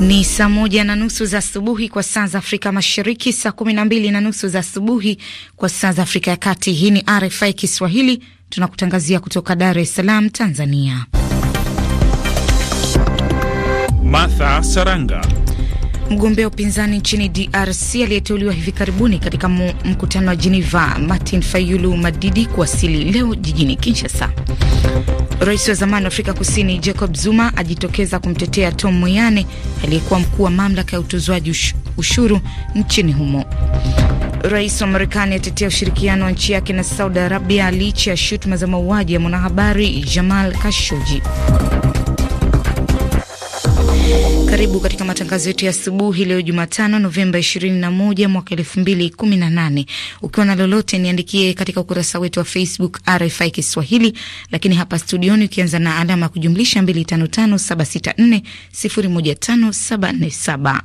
Ni saa moja na nusu za asubuhi kwa saa za Afrika Mashariki, saa kumi na mbili na nusu za asubuhi kwa saa za Afrika ya Kati. Hii ni RFI Kiswahili, tunakutangazia kutoka Dar es Salaam, Tanzania. Martha Saranga. Mgombea upinzani nchini DRC aliyeteuliwa hivi karibuni katika mkutano wa Geneva, Martin Fayulu Madidi kuwasili leo jijini Kinshasa. Rais wa zamani wa Afrika Kusini Jacob Zuma ajitokeza kumtetea Tom Moyane aliyekuwa mkuu wa mamlaka ya utozwaji ushuru nchini humo. Rais wa Marekani atetea ushirikiano wa nchi yake na Saudi Arabia licha ya shutuma za mauaji ya mwanahabari Jamal Khashoggi. Karibu katika matangazo yetu ya asubuhi leo Jumatano, Novemba 21 mwaka 2018. Ukiwa na lolote, niandikie katika ukurasa wetu wa Facebook RFI Kiswahili, lakini hapa studioni ukianza na alama ya kujumlisha 255764015747.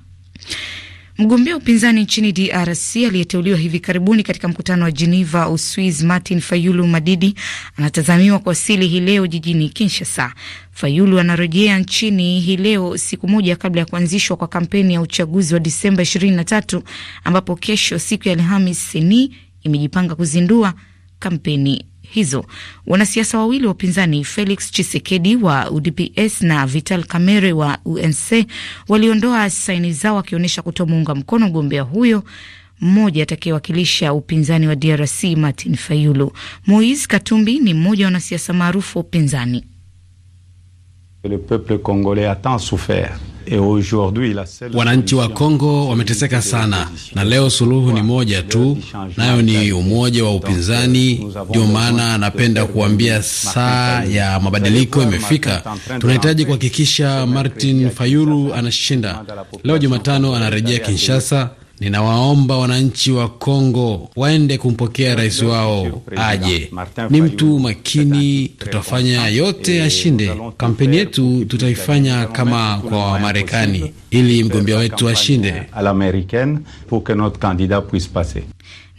Mgombea upinzani nchini DRC aliyeteuliwa hivi karibuni katika mkutano wa Geneva, Uswiz, Martin Fayulu Madidi anatazamiwa kuwasili hii leo jijini Kinshasa. Fayulu anarejea nchini hii leo, siku moja kabla ya kuanzishwa kwa kampeni ya uchaguzi wa Disemba 23 ambapo kesho, siku ya Alhamis, seni imejipanga kuzindua kampeni hizo. Wanasiasa wawili wa upinzani Felix Chisekedi wa UDPS na Vital Kamerhe wa UNC waliondoa saini zao wakionyesha kutomuunga mkono mgombea huyo mmoja atakayewakilisha upinzani wa DRC Martin Fayulu. Moise Katumbi ni mmoja wa wanasiasa maarufu wa upinzani. Wananchi wa Kongo wameteseka sana, na leo suluhu ni moja tu, nayo ni umoja wa upinzani. Euh, Ndio maana napenda kuambia saa ya mabadiliko imefika. Tunahitaji kuhakikisha Martin Fayulu anashinda. Leo Jumatano anarejea Kinshasa. Ninawaomba wananchi wa Kongo waende kumpokea rais wao aje. Ni mtu makini, tutafanya yote ashinde. Kampeni yetu tutaifanya kama kwa Wamarekani ili mgombea wetu ashinde.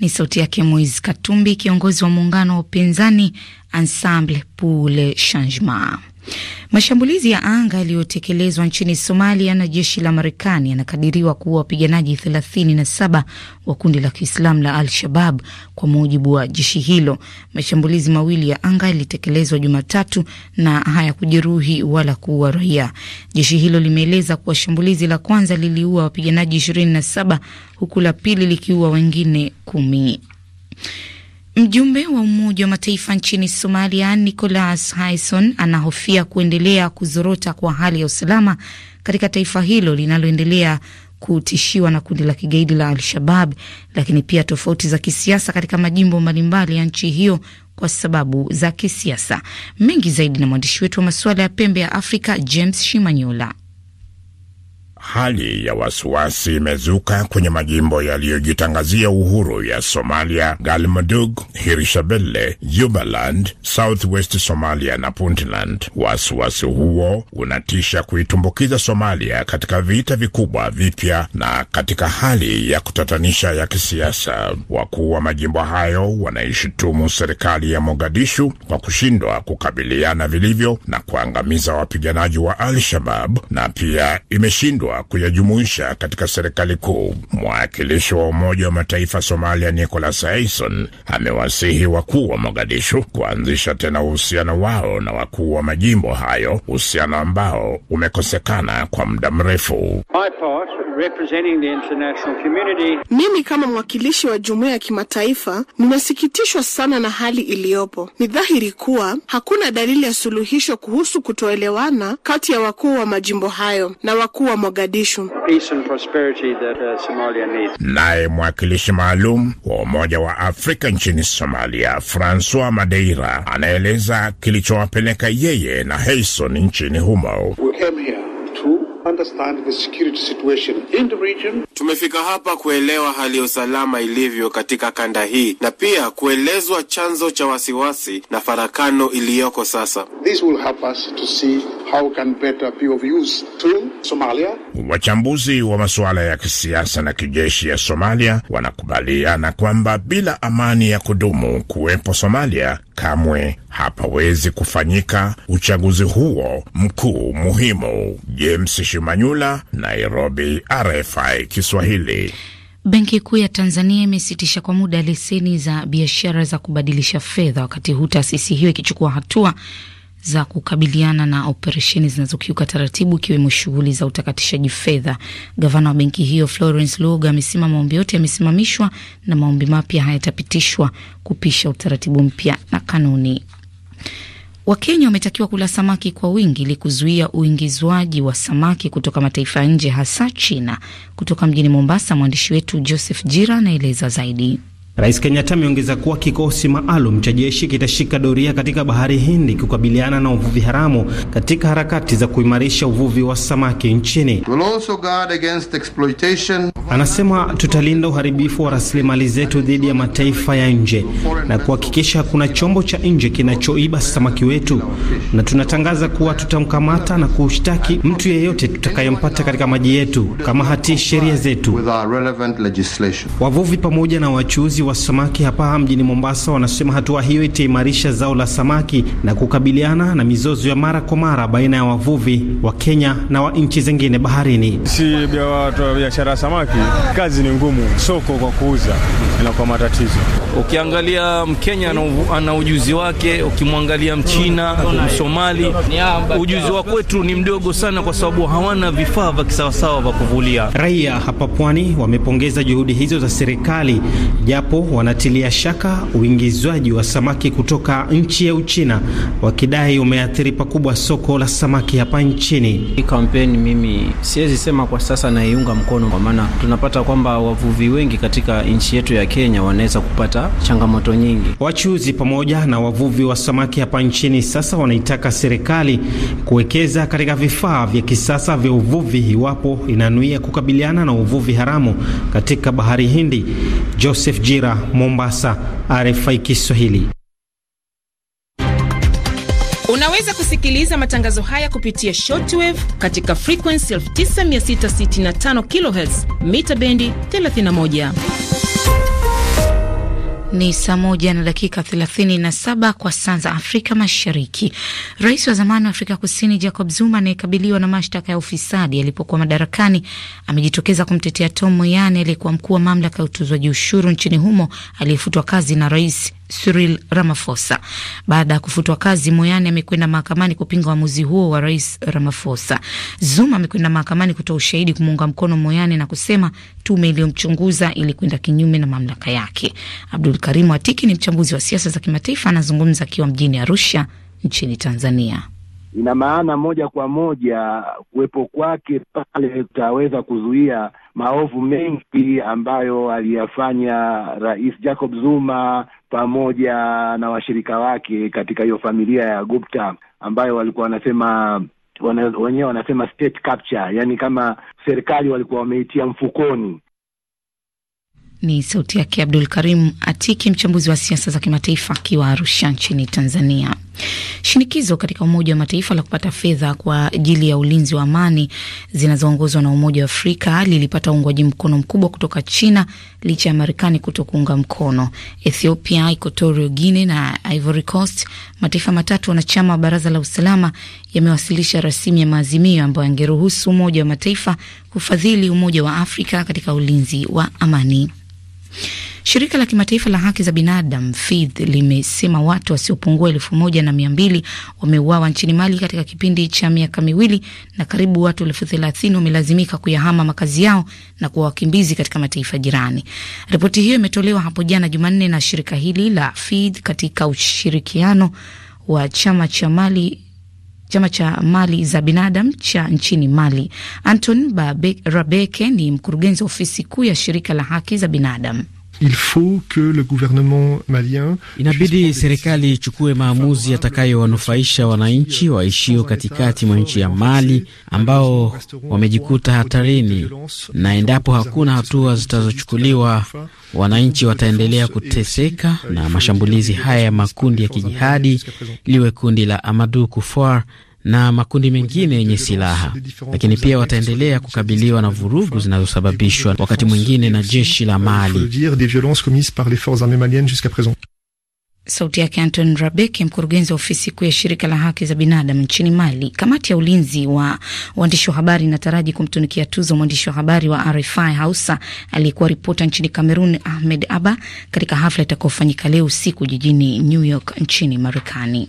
Ni sauti yake Moise Katumbi, kiongozi wa muungano wa upinzani Ensemble pour le Changement. Mashambulizi ya anga yaliyotekelezwa nchini Somalia na jeshi la Marekani yanakadiriwa kuwa wapiganaji 37 wa kundi la Kiislamu la Al-Shabab kwa mujibu wa jeshi hilo. Mashambulizi mawili ya anga yalitekelezwa Jumatatu na hayakujeruhi wala kuua raia. Jeshi hilo limeeleza kuwa shambulizi la kwanza liliua wapiganaji 27 huku la pili likiua wengine kumi. Mjumbe wa Umoja wa Mataifa nchini Somalia nicolas haison anahofia kuendelea kuzorota kwa hali ya usalama katika taifa hilo linaloendelea kutishiwa na kundi la kigaidi la Al-Shabab, lakini pia tofauti za kisiasa katika majimbo mbalimbali ya nchi hiyo kwa sababu za kisiasa. Mengi zaidi na mwandishi wetu wa masuala ya pembe ya Afrika James Shimanyola. Hali ya wasiwasi imezuka kwenye majimbo yaliyojitangazia uhuru ya Somalia, Galmudug, Hirshabelle, Jubaland, Southwest Somalia na Puntland. Wasiwasi huo unatisha kuitumbukiza Somalia katika vita vikubwa vipya na katika hali ya kutatanisha ya kisiasa. Wakuu wa majimbo hayo wanaishutumu serikali ya Mogadishu kwa kushindwa kukabiliana vilivyo na kuangamiza wapiganaji wa Al-Shabab na pia imeshindwa wa kuyajumuisha katika serikali kuu. Mwakilishi wa Umoja wa Mataifa Somalia, Nicholas aison amewasihi wakuu wa Mogadishu kuanzisha tena uhusiano wao na wakuu wa majimbo hayo, uhusiano ambao umekosekana kwa muda mrefu my part, representing the international community. Mimi kama mwakilishi wa jumuiya ya kimataifa ninasikitishwa sana na hali iliyopo. Ni dhahiri kuwa hakuna dalili ya suluhisho kuhusu kutoelewana kati ya wakuu wa majimbo hayo na wakuu wa Mogadishu. Peace and prosperity that, uh, Somalia needs. Naye mwakilishi maalum wa Umoja wa Afrika nchini Somalia, Francois Madeira, anaeleza kilichowapeleka yeye na Heison nchini humo. We came here understand the security situation in the region. Tumefika hapa kuelewa hali ya usalama ilivyo katika kanda hii na pia kuelezwa chanzo cha wasiwasi na farakano iliyoko sasa. This will help us to see how can better use to Somalia. Wachambuzi wa masuala ya kisiasa na kijeshi ya Somalia wanakubaliana kwamba bila amani ya kudumu kuwepo Somalia, kamwe hapawezi kufanyika uchaguzi huo mkuu muhimu. James Shimanyula, Nairobi, RFI Kiswahili. Benki Kuu ya Tanzania imesitisha kwa muda leseni za biashara za kubadilisha fedha, wakati huu taasisi hiyo ikichukua hatua za kukabiliana na operesheni zinazokiuka taratibu ikiwemo shughuli za utakatishaji fedha. Gavana wa benki hiyo Florence Luoga amesema maombi yote yamesimamishwa na maombi mapya hayatapitishwa kupisha utaratibu mpya na kanuni. Wakenya wametakiwa kula samaki kwa wingi ili kuzuia uingizwaji wa samaki kutoka mataifa ya nje hasa China. Kutoka mjini Mombasa, mwandishi wetu Joseph Jira anaeleza zaidi. Rais Kenyatta ameongeza kuwa kikosi maalum cha jeshi kitashika doria katika bahari Hindi kukabiliana na uvuvi haramu katika harakati za kuimarisha uvuvi wa samaki nchini. We'll also guard against exploitation. Anasema tutalinda uharibifu wa rasilimali zetu dhidi ya mataifa ya nje na kuhakikisha kuna chombo cha nje kinachoiba samaki wetu, na tunatangaza kuwa tutamkamata na kushtaki mtu yeyote tutakayempata katika maji yetu kama hatii sheria zetu. Wavuvi pamoja na wachuzi wa samaki hapa mjini Mombasa wanasema hatua hiyo itaimarisha zao la samaki na kukabiliana na mizozo ya mara kwa mara baina ya wavuvi wa Kenya na wa nchi zingine baharini. Si watu wa biashara ya samaki, kazi ni ngumu, soko kwa kuuza inakuwa matatizo. Ukiangalia Mkenya ana ujuzi wake, ukimwangalia Mchina, Msomali, ujuzi wa kwetu ni mdogo sana, kwa sababu hawana vifaa vya kisawasawa vya kuvulia. Raia hapa pwani wamepongeza juhudi hizo za serikali japo ambapo wanatilia shaka uingizwaji wa samaki kutoka nchi ya Uchina wakidai umeathiri pakubwa soko la samaki hapa nchini. Hii kampeni mimi siwezi sema kwa sasa naiunga mkono, kwa maana tunapata kwamba wavuvi wengi katika nchi yetu ya Kenya wanaweza kupata changamoto nyingi. Wachuuzi pamoja na wavuvi wa samaki hapa nchini sasa wanaitaka serikali kuwekeza katika vifaa vya kisasa vya uvuvi iwapo inanuia kukabiliana na uvuvi haramu katika bahari Hindi. Joseph G. Mazingira, Mombasa, RFI Kiswahili. Unaweza kusikiliza matangazo haya kupitia shortwave katika frequency 9665 kHz mita bendi 31. Ni saa moja na dakika saba kwa saa za Afrika Mashariki. Rais wa zamani wa Afrika Kusini Jacob Zuma anayekabiliwa na mashtaka ya ufisadi alipokuwa madarakani amejitokeza kumtetea Tom Moyane aliyekuwa mkuu wa mamlaka ya utozwaji ushuru nchini humo aliyefutwa kazi na rais Cyril Ramaphosa. Baada ya kufutwa kazi, Moyane amekwenda mahakamani kupinga uamuzi huo wa Rais Ramaphosa. Zuma amekwenda mahakamani kutoa ushahidi kumuunga mkono Moyane na kusema tume iliyomchunguza ilikwenda kinyume na mamlaka yake. Abdul Karimu Atiki ni mchambuzi wa siasa za kimataifa, anazungumza akiwa mjini Arusha nchini Tanzania ina maana moja kwa moja kuwepo kwake pale kutaweza kuzuia maovu mengi ambayo aliyafanya Rais Jacob Zuma pamoja na washirika wake katika hiyo familia ya Gupta ambayo walikuwa wanasema wana, wenyewe wanasema state capture, yani kama serikali walikuwa wameitia mfukoni. Ni sauti yake Abdul Karim Atiki, mchambuzi wa siasa za kimataifa akiwa Arusha nchini Tanzania. Shinikizo katika Umoja wa Mataifa la kupata fedha kwa ajili ya ulinzi wa amani zinazoongozwa na Umoja wa Afrika lilipata uungwaji mkono mkubwa kutoka China licha ya Marekani kuto kuunga mkono. Ethiopia, Equatorial Guinea na Ivory Coast, mataifa matatu wanachama wa Baraza la Usalama, yamewasilisha rasimu ya maazimio ambayo yangeruhusu Umoja wa Mataifa kufadhili Umoja wa Afrika katika ulinzi wa amani. Shirika la kimataifa la haki za binadamu FIDH limesema watu wasiopungua elfu moja na mia mbili wameuawa nchini Mali katika kipindi cha miaka miwili na karibu watu elfu thelathini wamelazimika kuyahama makazi yao na kuwa wakimbizi katika mataifa jirani. Ripoti hiyo imetolewa hapo jana Jumanne na shirika hili la FIDH katika ushirikiano wa chama cha Mali chama cha mali za binadamu cha nchini Mali. Anton Rabeke ni mkurugenzi wa ofisi kuu ya shirika la haki za binadamu il faut que le gouvernement malien inabidi serikali ichukue maamuzi yatakayowanufaisha wananchi waishio katikati mwa nchi ya Mali ambao wamejikuta hatarini, na endapo hakuna hatua zitazochukuliwa, wananchi wataendelea kuteseka na mashambulizi haya ya makundi ya kijihadi, liwe kundi la Amadu Kufar na makundi mengine yenye silaha, lakini pia wataendelea kukabiliwa na vurugu zinazosababishwa wakati mwingine na jeshi la Mali. Sauti yake Anton Rabeke, mkurugenzi wa ofisi kuu ya shirika la haki za binadamu nchini Mali. Kamati ya ulinzi wa waandishi wa habari inataraji kumtunikia tuzo mwandishi wa habari wa RFI Hausa aliyekuwa ripota nchini Kamerun, Ahmed Abba, katika hafla itakaofanyika leo usiku jijini New York nchini Marekani.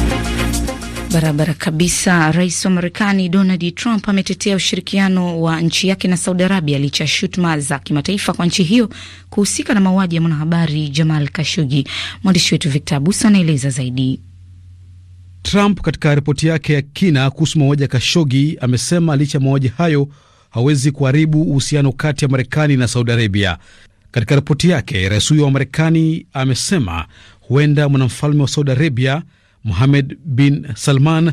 Barabara kabisa. Rais wa Marekani Donald Trump ametetea ushirikiano wa nchi yake na Saudi Arabia licha ya shutuma za kimataifa kwa nchi hiyo kuhusika na mauaji ya mwanahabari Jamal Kashogi. Mwandishi wetu Victor Abusa anaeleza zaidi. Trump katika ripoti yake ya kina kuhusu mauaji ya Kashogi amesema licha ya mauaji hayo hawezi kuharibu uhusiano kati ya Marekani na Saudi Arabia. Katika ripoti yake, rais huyo wa Marekani amesema huenda mwanamfalme wa Saudi Arabia muhamed bin Salman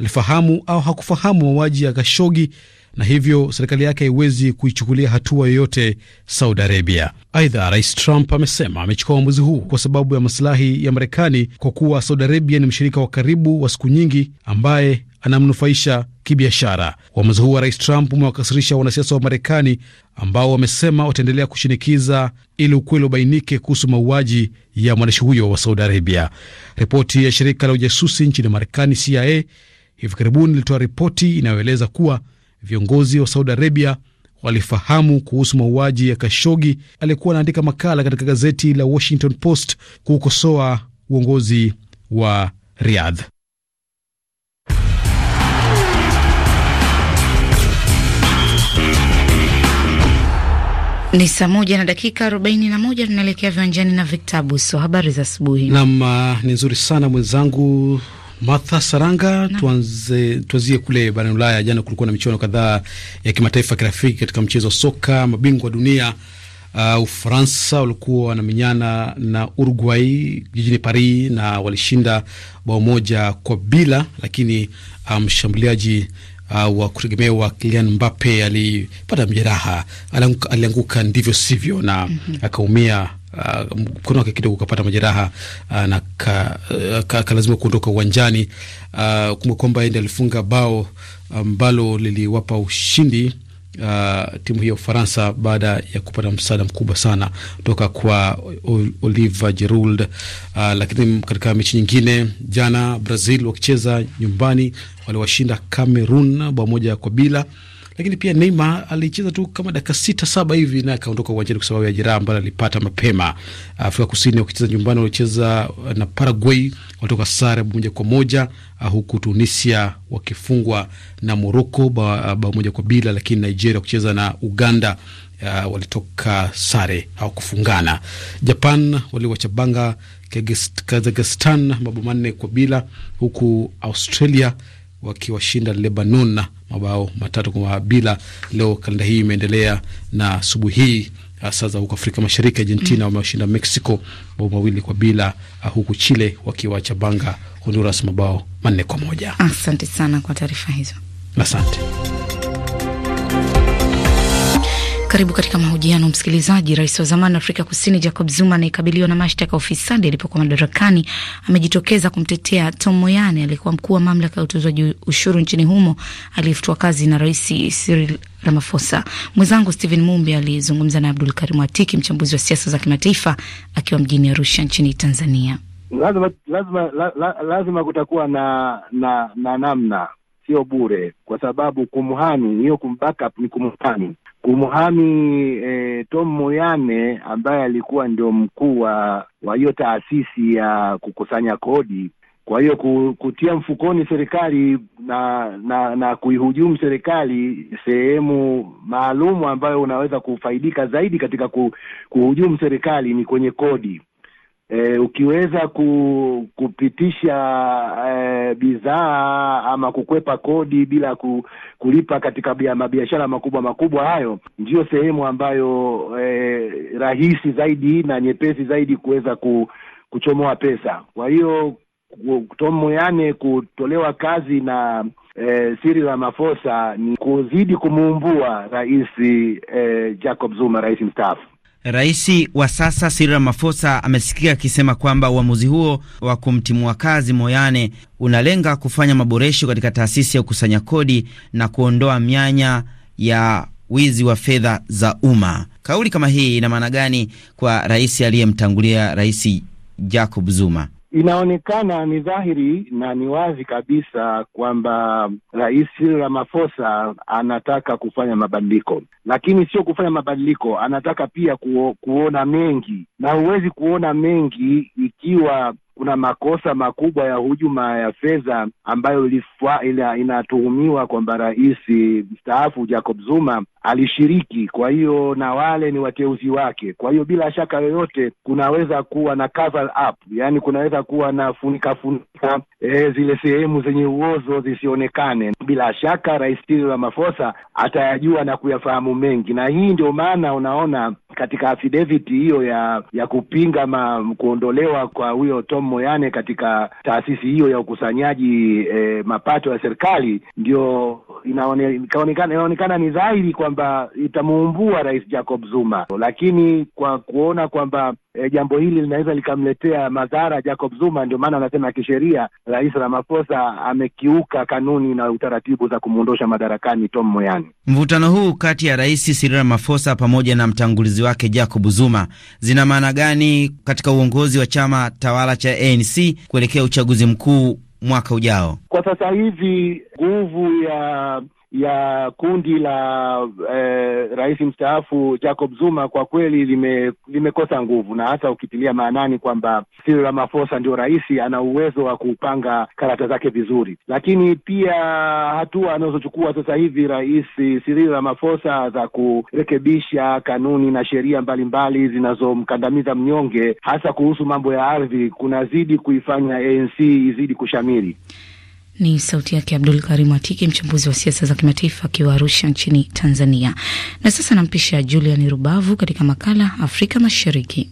alifahamu au hakufahamu mauaji ya Kashogi na hivyo serikali yake haiwezi kuichukulia hatua yoyote Saudi Arabia. Aidha, Rais Trump amesema amechukua uamuzi huu kwa sababu ya masilahi ya Marekani, kwa kuwa Saudi Arabia ni mshirika wa karibu wa siku nyingi ambaye anamnufaisha kibiashara. Uamuzi huu wa rais Trump umewakasirisha wanasiasa wa Marekani ambao wamesema wataendelea kushinikiza ili ukweli ubainike kuhusu mauaji ya mwandishi huyo wa Saudi Arabia. Ripoti ya shirika la ujasusi nchini Marekani, CIA, hivi karibuni ilitoa ripoti inayoeleza kuwa viongozi wa Saudi Arabia walifahamu kuhusu mauaji ya Kashogi aliyekuwa anaandika makala katika gazeti la Washington Post kuukosoa uongozi wa Riyadh. Ni saa moja na dakika arobaini na moja tunaelekea viwanjani na Victor Abuso. Habari za asubuhi. Naam, uh, ni nzuri sana mwenzangu Martha Saranga, tuanze tuanzie kule barani Ulaya. Jana kulikuwa na michuano kadhaa ya kimataifa kirafiki katika mchezo wa soka. Mabingwa wa dunia uh, Ufaransa walikuwa wanamenyana na Uruguay jijini Paris na walishinda bao moja kwa bila, lakini uh, mshambuliaji um, uh, wa kutegemewa Kylian Mbappe alipata mjeraha, alianguka ndivyo sivyo na mm -hmm. akaumia Uh, mkono wake kidogo ukapata majeraha uh, na akalazima uh, kuondoka uwanjani uh, kumbe kwamba ndiye alifunga bao ambalo um, liliwapa ushindi uh, timu hiyo ya Ufaransa baada ya kupata msaada mkubwa sana kutoka kwa olive Giroud. Uh, lakini katika mechi nyingine jana Brazil wakicheza nyumbani waliwashinda Cameroon bao moja kwa bila lakini pia Neymar alicheza tu kama dakika sita saba hivi na akaondoka uwanjani kwa sababu ya jeraha ambalo alipata mapema. Afrika Kusini wakicheza nyumbani, walicheza na Paraguay walitoka sare moja kwa moja, ah, huku Tunisia wakifungwa na Moroko bao moja kwa bila, lakini Nigeria wakicheza na Uganda Uh, walitoka sare au kufungana. Japan waliwachabanga Kazakhstan mabao manne kwa bila, huku Australia wakiwashinda Lebanon mabao matatu kwa bila. Leo kalenda hii imeendelea na asubuhi hii sasa za huko Afrika Mashariki, Argentina mm. wamewashinda Mexico mabao mawili kwa bila, ah, huku Chile wakiwacha banga Honduras mabao manne kwa moja. Asante sana kwa taarifa hizo, asante. Karibu katika mahojiano msikilizaji. Rais wa zamani Afrika Kusini Jacob Zuma anayekabiliwa na mashtaka ya ufisadi alipokuwa madarakani amejitokeza kumtetea Tom Moyane aliyekuwa mkuu wa mamlaka ya utozwaji ushuru nchini humo aliyefutwa kazi na Rais Cyril Ramaphosa. Mwenzangu Stephen Mumbi alizungumza na Abdul Karimu Atiki, mchambuzi wa siasa za kimataifa, akiwa mjini Arusha nchini Tanzania. Lazima, lazima, la, lazima kutakuwa na, na, na namna, sio bure, kwa sababu kumhani hiyo kumbackup ni kumhani kumhami e, Tom Moyane ambaye alikuwa ndio mkuu wa hiyo taasisi ya kukusanya kodi. Kwa hiyo kutia mfukoni serikali na na, na kuihujumu serikali, sehemu maalumu ambayo unaweza kufaidika zaidi katika kuhujumu serikali ni kwenye kodi. E, ukiweza ku, kupitisha e, bidhaa ama kukwepa kodi bila ku, kulipa katika mabiashara makubwa makubwa, hayo ndiyo sehemu ambayo e, rahisi zaidi na nyepesi zaidi kuweza ku, kuchomoa pesa. Kwa hiyo Tomoyane kutolewa kazi na e, Cyril Ramaphosa ni kuzidi kumuumbua Rais e, Jacob Zuma, rais mstaafu. Rais wa sasa Cyril Ramaphosa amesikika akisema kwamba uamuzi huo wa kumtimua kazi Moyane unalenga kufanya maboresho katika taasisi ya kukusanya kodi na kuondoa mianya ya wizi wa fedha za umma. Kauli kama hii ina maana gani kwa rais aliyemtangulia Rais Jacob Zuma? Inaonekana ni dhahiri na ni wazi kabisa kwamba Rais ramafosa Ramaphosa anataka kufanya mabadiliko, lakini sio kufanya mabadiliko, anataka pia kuo, kuona mengi, na huwezi kuona mengi ikiwa kuna makosa makubwa ya hujuma ya fedha ambayo ina, inatuhumiwa kwamba rais mstaafu Jacob Zuma alishiriki, kwa hiyo na wale ni wateuzi wake. Kwa hiyo bila shaka yoyote kunaweza kuwa na cover up, yani kunaweza kuwa na funika funika e, zile sehemu zenye uozo zisionekane. Bila shaka Rais Cyril Ramaphosa atayajua na kuyafahamu mengi, na hii ndio maana unaona katika affidavit hiyo ya ya kupinga ma, kuondolewa kwa huyo Tom Moyane katika taasisi hiyo ya ukusanyaji e, mapato ya serikali, ndio inaonekana inaonekana ni dhahiri kwamba itamuumbua Rais Jacob Zuma, lakini kwa kuona kwamba e, jambo hili linaweza likamletea madhara Jacob Zuma. Ndio maana anasema kisheria Rais Ramaphosa amekiuka kanuni na utaratibu za kumwondosha madarakani Tom Moyani. Mvutano huu kati ya Rais Cyril Ramaphosa pamoja na mtangulizi wake Jacob Zuma zina maana gani katika uongozi wa chama tawala cha ANC kuelekea uchaguzi mkuu mwaka ujao? Kwa sasa hivi nguvu ya ya kundi la eh, rais mstaafu Jacob Zuma kwa kweli lime, limekosa nguvu, na hasa ukitilia maanani kwamba Cyril Ramaphosa ndio rais, ana uwezo wa kupanga karata zake vizuri, lakini pia hatua anazochukua sasa hivi rais Cyril Ramaphosa za kurekebisha kanuni na sheria mbalimbali zinazomkandamiza mnyonge, hasa kuhusu mambo ya ardhi, kunazidi kuifanya ANC izidi kushamiri. Ni sauti yake Abdul karimu Atiki, mchambuzi wa siasa za kimataifa akiwa Arusha nchini Tanzania. Na sasa nampisha Julian Rubavu katika makala Afrika Mashariki.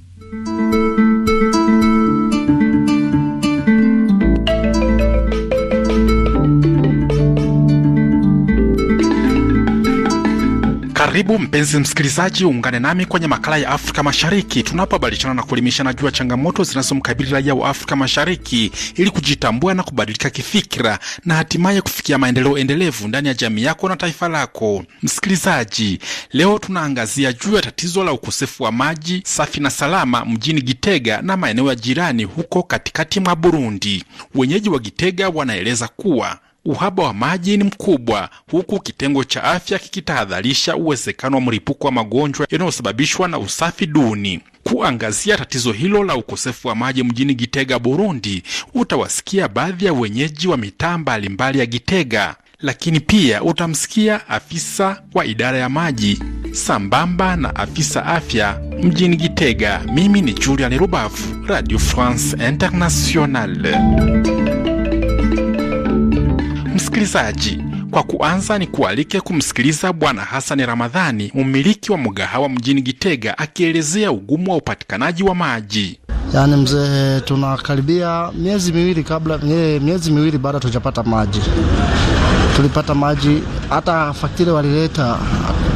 Karibu mpenzi msikilizaji, uungane nami kwenye makala ya Afrika Mashariki tunapobadilishana na kuelimishana juu ya changamoto zinazomkabili raia wa Afrika Mashariki ili kujitambua na kubadilika kifikira na hatimaye kufikia maendeleo endelevu ndani ya jamii yako na taifa lako. Msikilizaji, leo tunaangazia juu ya tatizo la ukosefu wa maji safi na salama mjini Gitega na maeneo ya jirani huko katikati mwa Burundi. Wenyeji wa Gitega wanaeleza kuwa Uhaba wa maji ni mkubwa, huku kitengo cha afya kikitahadharisha uwezekano wa mlipuko wa magonjwa yanayosababishwa na usafi duni. Kuangazia tatizo hilo la ukosefu wa maji mjini Gitega, Burundi, utawasikia baadhi ya wenyeji wa mitaa mbalimbali ya Gitega, lakini pia utamsikia afisa wa idara ya maji sambamba na afisa afya mjini Gitega. Mimi ni Julian Rubavu, Radio France Internationale. Msikilizaji, kwa kuanza ni kualike kumsikiliza Bwana Hasani Ramadhani, mmiliki wa mgahawa mjini Gitega, akielezea ugumu wa upatikanaji wa maji. Yaani mzee, tunakaribia miezi miwili kabla, e, miezi miwili baada tujapata maji. Tulipata maji hata faktire walileta,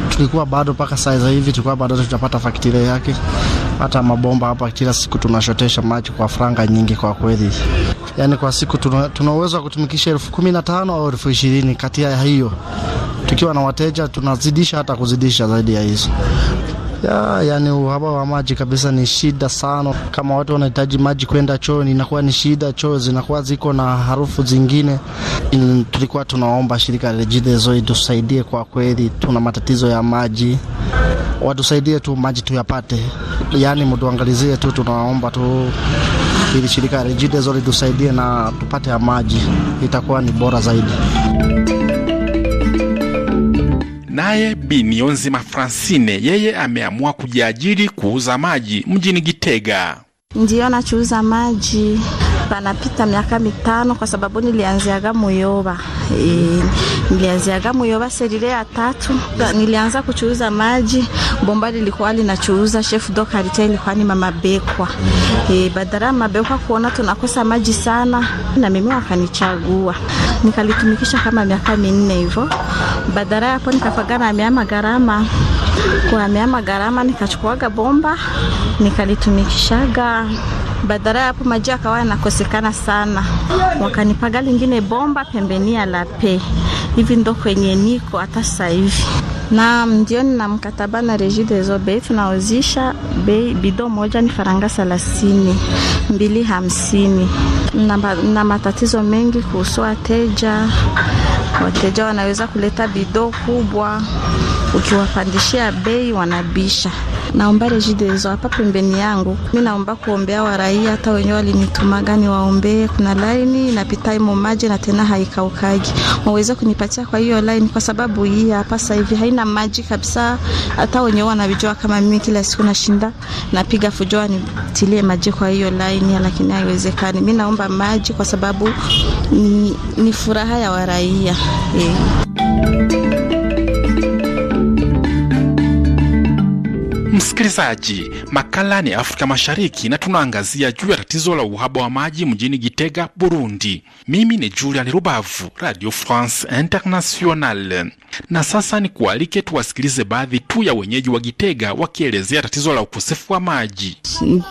tulikuwa bado mpaka saa hivi tulikuwa bado tujapata faktile yake hata mabomba hapa, kila siku tunashotesha maji kwa franga nyingi kwa kweli. Yani kwa siku tuna uwezo wa kutumikisha elfu kumi na tano au elfu ishirini kati ya hiyo, tukiwa na wateja tunazidisha hata kuzidisha zaidi ya hizo ya, yani uhaba wa maji kabisa ni shida sana. Kama watu wanahitaji maji kwenda choo inakuwa ni shida, choo zinakuwa ziko na harufu zingine. In, tulikuwa tunaomba shirika la Regideso itusaidie kwa kweli, tuna matatizo ya maji, watusaidie tu maji tuyapate, yani mtuangalizie tu, tunaomba tu ili shirika la Regideso litusaidie na tupate ya maji, itakuwa ni bora zaidi. Naye Bi Niyonzima Francine yeye ameamua kujiajiri kuuza maji mjini Gitega. Ndiyo, nachuuza maji panapita miaka mitano kwa sababu nilianziaga Muyoba e, nilianziaga Muyoba serile ya tatu. Nilianza kuchuuza maji, bomba lilikuwa linachuuza chef do karite ilikuwa ni mama Bekwa e, badala mama Bekwa kuona tunakosa maji sana, na mimi wakanichagua nikalitumikisha kama miaka minne hivyo. Badala hapo nikafagana ameama gharama kwa ameama gharama, nikachukuaga bomba nikalitumikishaga badala hapo maji akawa yanakosekana sana, wakanipaga lingine bomba pembeni ya lape. Hivi ndo kwenye niko hata sasa hivi. Naam, ndio nina mkataba na Regideso. Bei tunauzisha bei bidon moja ni faranga 30, mbili hamsini. Na matatizo mengi kuhusu wateja. Wateja wanaweza kuleta bidon kubwa, ukiwapandishia bei wanabisha. Naomba reji Regideso hapa pembeni yangu, mi naomba kuombea waraia, hata wenyewe walinitumagani waombee. Kuna laini inapita imo maji na tena haikaukagi, waweze kunipatia kwa hiyo laini, kwa sababu hii hapa sasa hivi haina maji kabisa. Hata wenyewe wanavijua kama mimi kila siku nashinda napiga fujoa nitilie maji kwa hiyo laini, lakini haiwezekani. Mi naomba maji kwa sababu ni, ni furaha ya waraia yeah. Msikilizaji, makala ni Afrika Mashariki na tunaangazia juu ya tatizo la uhaba wa maji mjini Gitega, Burundi. Mimi ni Julian Rubavu, Radio France International. Na sasa ni kualike tuwasikilize baadhi tu ya wenyeji wa Gitega wakielezea tatizo la ukosefu wa maji.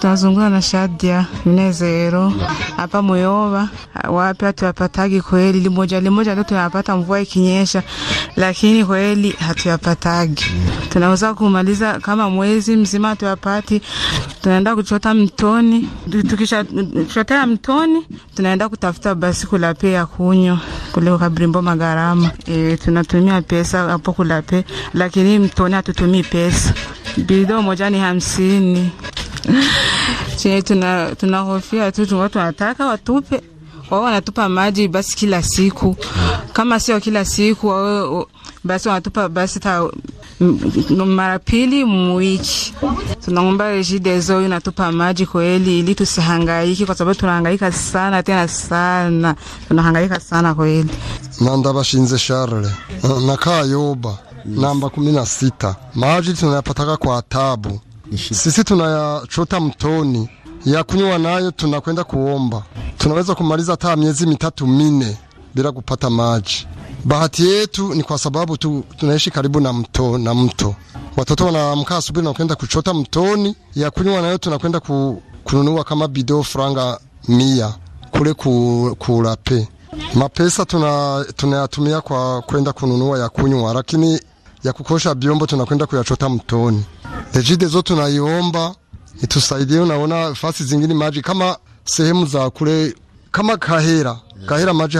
Tunazungumza na Shadia Minezero hapa Moyova, wapi hatuyapatagi kweli, limoja limoja ndo tunapata mvua ikinyesha, lakini kweli hatuyapatagi. Tunaweza kumaliza kama mwezi mzima tuyapati, tunaenda kuchota mtoni. Tukishachotea mtoni, tunaenda kutafuta basi kulape ya kunywa kule kabrimbo magarama. E, tunatumia pesa hapo kulape, lakini mtoni hatutumii pesa. Bido moja ni hamsini chenye tunahofia tuna tu watu wanataka watupe wao wanatupa maji basi kila siku, kama sio kila siku wao basi wanatupa basi ta mara pili mwiki. Tunaomba Regideso huyu maji kweli, ili tusihangaiki, kwa sababu tunahangaika sana tena sana, tunahangaika sana kweli. na Ndabashinze Charles na Kayoba namba kumi na sita, maji tunayapataka kwa tabu sisi tunayachota mtoni, ya kunywa nayo tunakwenda kuomba. Tunaweza kumaliza hata miezi mitatu mine bila kupata maji. Bahati yetu ni kwa sababu tu, tunaishi karibu na mto na mto, watoto wanaamka asubuhi na kwenda kuchota mtoni, ya kunywa nayo tunakwenda ku, kununua kama bido franga mia kule ku, kulape mapesa tunayatumia tuna kwa kwenda kununua ya kunywa, lakini ya kukosha vyombo tunakwenda kuyachota mtoni. Ejidezo tunaiomba itusaidie. Unaona fasi zingine maji kama sehemu za kule kama Kahera, Kahera maji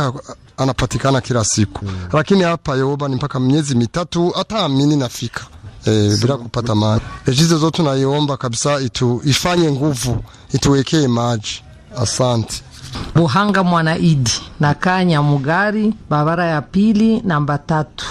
anapatikana kila siku mm. Lakini hapa Yoba ni mpaka miezi mitatu, hata amini nafika E, bila kupata maji. Ejizo eh, zote tunaiomba kabisa itu ifanye nguvu ituwekee maji. Asante. Buhanga Mwanaidi na Kanya Mugari, barabara ya pili namba tatu.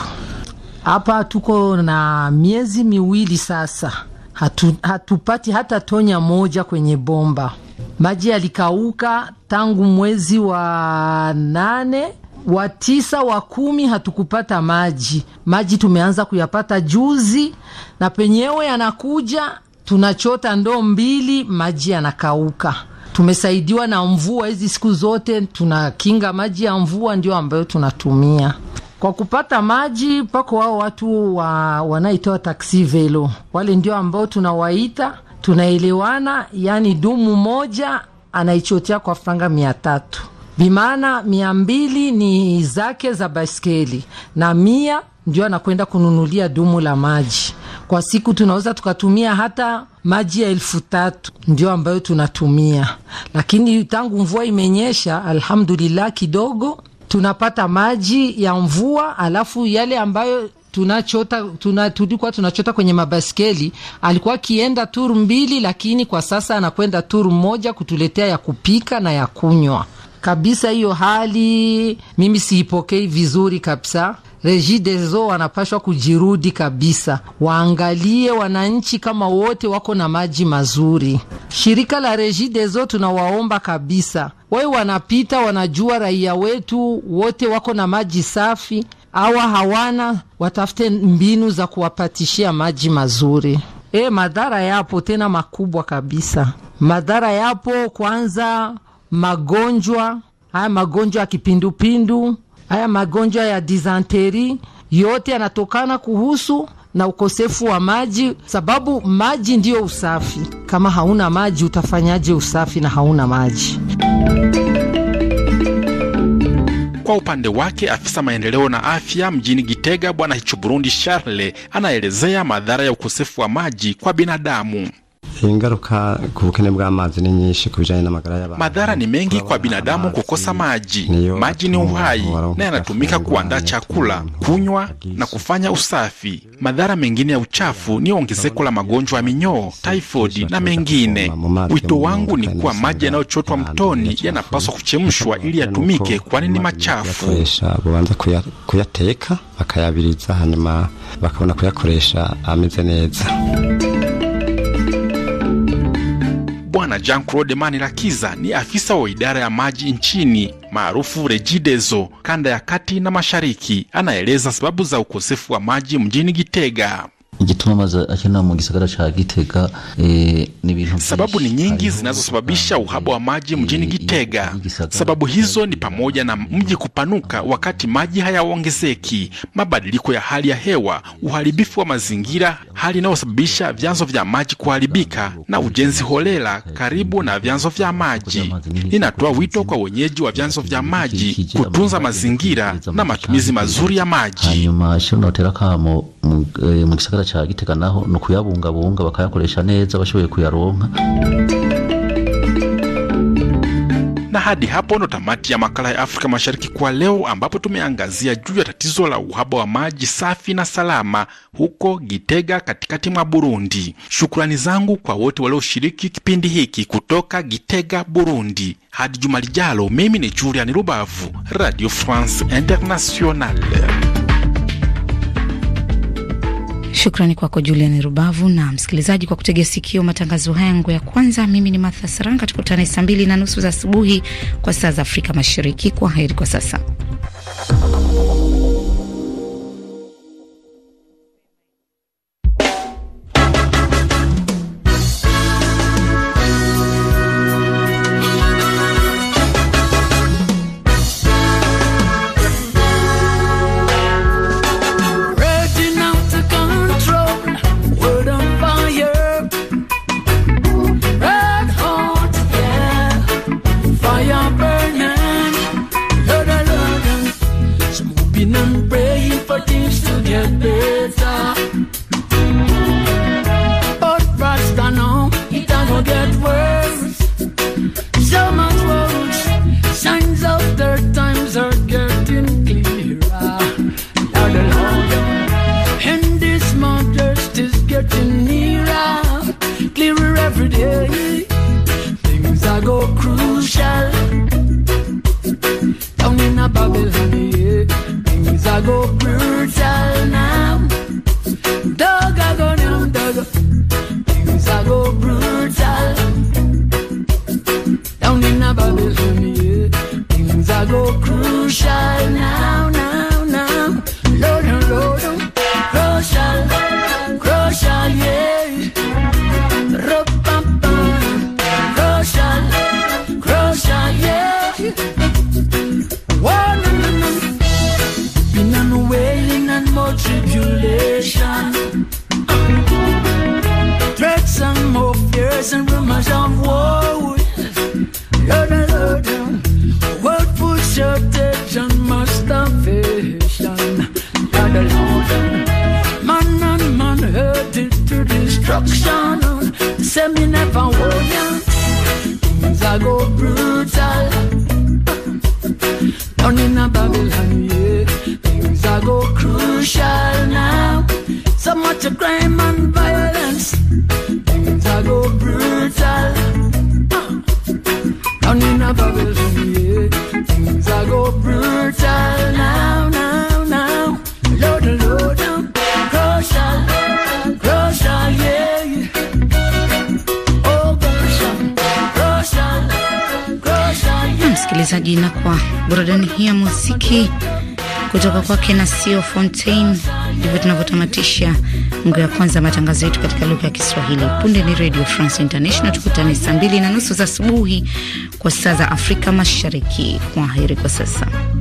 Hapa tuko na miezi miwili sasa, hatu, hatupati hata tonya moja kwenye bomba. Maji yalikauka tangu mwezi wa nane wa tisa wa kumi hatukupata maji. Maji tumeanza kuyapata juzi, na penyewe yanakuja, tunachota ndoo mbili, maji yanakauka. Tumesaidiwa na mvua hizi siku zote, tunakinga maji ya mvua, ndio ambayo tunatumia kwa kupata maji. Pako wao watu wa, wanaitoa taksi velo, wale ndio ambao tunawaita, tunaelewana, yani dumu moja anaichotea kwa franga mia tatu bimaana mia mbili ni zake za baskeli na mia ndio anakwenda kununulia dumu la maji. Kwa siku tunaweza tukatumia hata maji ya elfu tatu ndio ambayo tunatumia, lakini tangu mvua imenyesha, alhamdulillah, kidogo tunapata maji ya mvua, alafu yale ambayo tunachota tuna, tulikuwa tunachota kwenye mabaskeli, alikuwa akienda turu mbili, lakini kwa sasa anakwenda turu moja kutuletea ya kupika na ya kunywa kabisa. Hiyo hali mimi siipokei vizuri kabisa. Regideso wanapashwa kujirudi kabisa, waangalie wananchi kama wote wako na maji mazuri. Shirika la Regideso tunawaomba kabisa, wao wanapita wanajua raia wetu wote wako na maji safi, awa hawana, watafute mbinu za kuwapatishia maji mazuri. E, madhara yapo tena makubwa kabisa, madhara yapo kwanza magonjwa haya, magonjwa ya kipindupindu, haya magonjwa ya dizanteri, yote yanatokana kuhusu na ukosefu wa maji, sababu maji ndiyo usafi. Kama hauna maji, utafanyaje usafi na hauna maji? Kwa upande wake afisa maendeleo na afya mjini Gitega, bwana Hichu Burundi Charle anaelezea madhara ya ukosefu wa maji kwa binadamu. Ingaruka ku bukene bw'amazi ni nyinshi ku bijyanye n'amagara y'abantu. Madhara ni mengi kwa binadamu kukosa maji. Maji ni uhai na yanatumika kuandaa chakula, kunywa na kufanya usafi. Madhara mengine ya uchafu ni ongezeko la magonjwa ya minyoo, typhoid na mengine. Wito wangu ni kuwa maji yanayochotwa mtoni yanapaswa kuchemshwa ili yatumike, kwani ni machafu. Bubanza kuyateka bakayabiriza, hanyuma bakabona kuyakoresha ameze neza. Bwana Jean Claude Manirakiza ni afisa wa idara ya maji nchini maarufu REGIDESO kanda ya kati na mashariki, anaeleza sababu za ukosefu wa maji mjini Gitega. Igituma maze akenewe mu gisagara cha Gitega e, eh, ni bintu sababu ni nyingi zinazosababisha uhaba wa maji mjini eh, Gitega. Sababu hizo ni pamoja na mji kupanuka wakati maji hayaongezeki, mabadiliko ya hali ya hewa, uharibifu wa mazingira, hali inayosababisha vyanzo vya maji kuharibika na ujenzi holela karibu na vyanzo vya maji. Ninatoa wito kwa wenyeji wa vyanzo vya maji kutunza mazingira na matumizi mazuri ya maji. Eh, mu gisagara cya gitega naho ni ukuyabungabunga bakayakoresha neza bashoboye kuyaronka na hadi hapo ndo tamati ya makala ya Afrika Mashariki kwa leo, ambapo tumeangazia juu ya tatizo la uhaba wa maji safi na salama huko Gitega, katikati mwa Burundi. Shukrani zangu kwa wote walioshiriki kipindi hiki kutoka Gitega, Burundi. Hadi juma lijalo, mimi ni Julian Rubavu, Radio France Internationale. Shukrani kwako Julian Rubavu na msikilizaji kwa kutegea sikio matangazo haya yangu ya kwanza. Mimi ni Martha Saranga, tukutane saa mbili na nusu za asubuhi kwa saa za Afrika Mashariki. Kwa heri kwa sasa. so crucial now. So much of crime and violence, things are go brutal. Down in a Babylon, yeah. things are go brutal now, Msikilizaji, na kwa burudani hii ya muziki kutoka kwake na sio Fontaine. Ndivyo tunavyotamatisha ngo ya kwanza matangazo yetu katika lugha ya Kiswahili. Punde ni Radio France International, tukutane saa mbili na nusu za asubuhi kwa saa za Afrika Mashariki. Kwa heri kwa sasa.